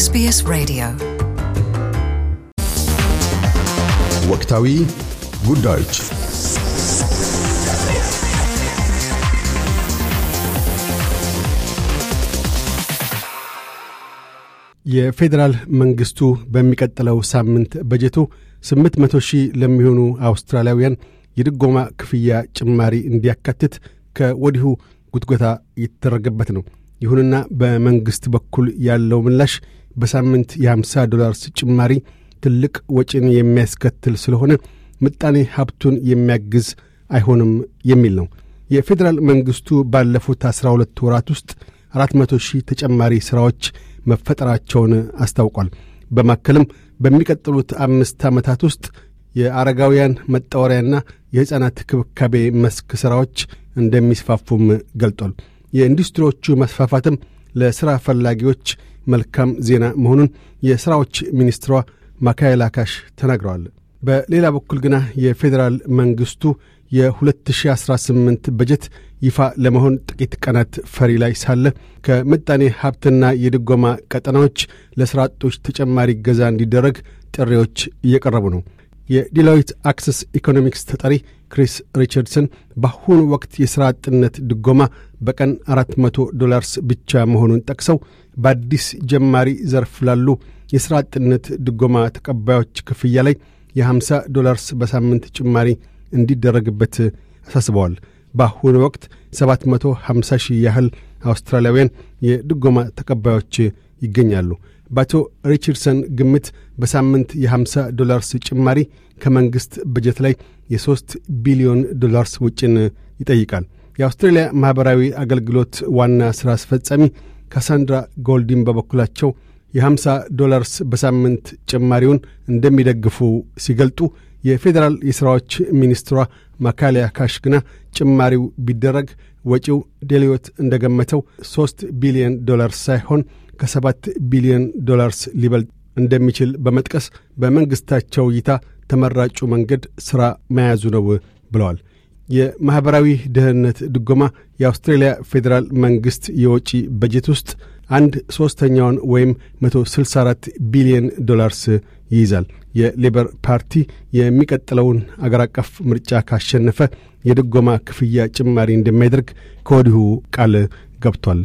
ኤስቢኤስ ሬዲዮ ወቅታዊ ጉዳዮች የፌዴራል መንግስቱ በሚቀጥለው ሳምንት በጀቱ 800 ሺህ ለሚሆኑ አውስትራሊያውያን የድጎማ ክፍያ ጭማሪ እንዲያካትት ከወዲሁ ጉትጎታ እየተደረገበት ነው። ይሁንና በመንግሥት በኩል ያለው ምላሽ በሳምንት የ50 ዶላርስ ጭማሪ ትልቅ ወጪን የሚያስከትል ስለሆነ ምጣኔ ሀብቱን የሚያግዝ አይሆንም የሚል ነው። የፌዴራል መንግሥቱ ባለፉት 12 ወራት ውስጥ 400 ሺህ ተጨማሪ ሥራዎች መፈጠራቸውን አስታውቋል። በማከልም በሚቀጥሉት አምስት ዓመታት ውስጥ የአረጋውያን መጣወሪያና የሕፃናት ክብካቤ መስክ ሥራዎች እንደሚስፋፉም ገልጧል። የኢንዱስትሪዎቹ መስፋፋትም ለሥራ ፈላጊዎች መልካም ዜና መሆኑን የሥራዎች ሚኒስትሯ ማካኤል አካሽ ተናግረዋል። በሌላ በኩል ግና የፌዴራል መንግሥቱ የ2018 በጀት ይፋ ለመሆን ጥቂት ቀናት ፈሪ ላይ ሳለ ከምጣኔ ሀብትና የድጎማ ቀጠናዎች ለሥራ አጦች ተጨማሪ ገዛ እንዲደረግ ጥሪዎች እየቀረቡ ነው። የዲሎይት አክሰስ ኢኮኖሚክስ ተጠሪ ክሪስ ሪቻርድሰን በአሁኑ ወቅት የሥራ አጥነት ድጎማ በቀን 400 ዶላርስ ብቻ መሆኑን ጠቅሰው በአዲስ ጀማሪ ዘርፍ ላሉ የሥራ አጥነት ድጎማ ተቀባዮች ክፍያ ላይ የ50 ዶላርስ በሳምንት ጭማሪ እንዲደረግበት አሳስበዋል። በአሁኑ ወቅት 750 ሺህ ያህል አውስትራሊያውያን የድጎማ ተቀባዮች ይገኛሉ። በአቶ ሪቸርሰን ግምት በሳምንት የ50 ዶላርስ ጭማሪ ከመንግሥት በጀት ላይ የ3 ቢሊዮን ዶላርስ ውጭን ይጠይቃል። የአውስትሬልያ ማኅበራዊ አገልግሎት ዋና ሥራ አስፈጻሚ ካሳንድራ ጎልዲን በበኩላቸው የ50 ዶላርስ በሳምንት ጭማሪውን እንደሚደግፉ ሲገልጡ የፌዴራል የሥራዎች ሚኒስትሯ ማካሊያ ካሽ ግና ጭማሪው ቢደረግ ወጪው ዴልዮት እንደገመተው 3 ቢሊዮን ዶላርስ ሳይሆን ከሰባት ቢሊዮን ዶላርስ ሊበልጥ እንደሚችል በመጥቀስ በመንግሥታቸው እይታ ተመራጩ መንገድ ሥራ መያዙ ነው ብለዋል። የማኅበራዊ ደህንነት ድጎማ የአውስትሬልያ ፌዴራል መንግሥት የወጪ በጀት ውስጥ አንድ ሦስተኛውን ወይም 164 ቢሊዮን ዶላርስ ይይዛል። የሌበር ፓርቲ የሚቀጥለውን አገር አቀፍ ምርጫ ካሸነፈ የድጎማ ክፍያ ጭማሪ እንደሚያደርግ ከወዲሁ ቃል ገብቷል።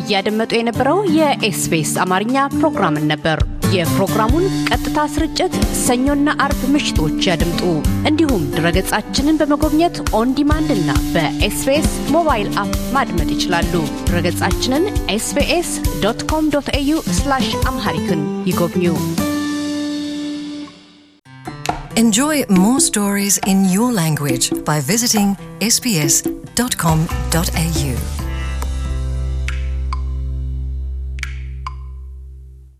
እያደመጡ የነበረው የኤስቢኤስ አማርኛ ፕሮግራምን ነበር። የፕሮግራሙን ቀጥታ ስርጭት ሰኞና አርብ ምሽቶች ያድምጡ። እንዲሁም ድረገጻችንን በመጎብኘት ኦንዲማንድ እና በኤስቢኤስ ሞባይል አፕ ማድመጥ ይችላሉ። ድረገጻችንን ኤስቢኤስ ዶት ኮም ዶት ኤዩ አምሃሪክን ይጎብኙ። Enjoy more stories in your language by visiting sbs.com.au.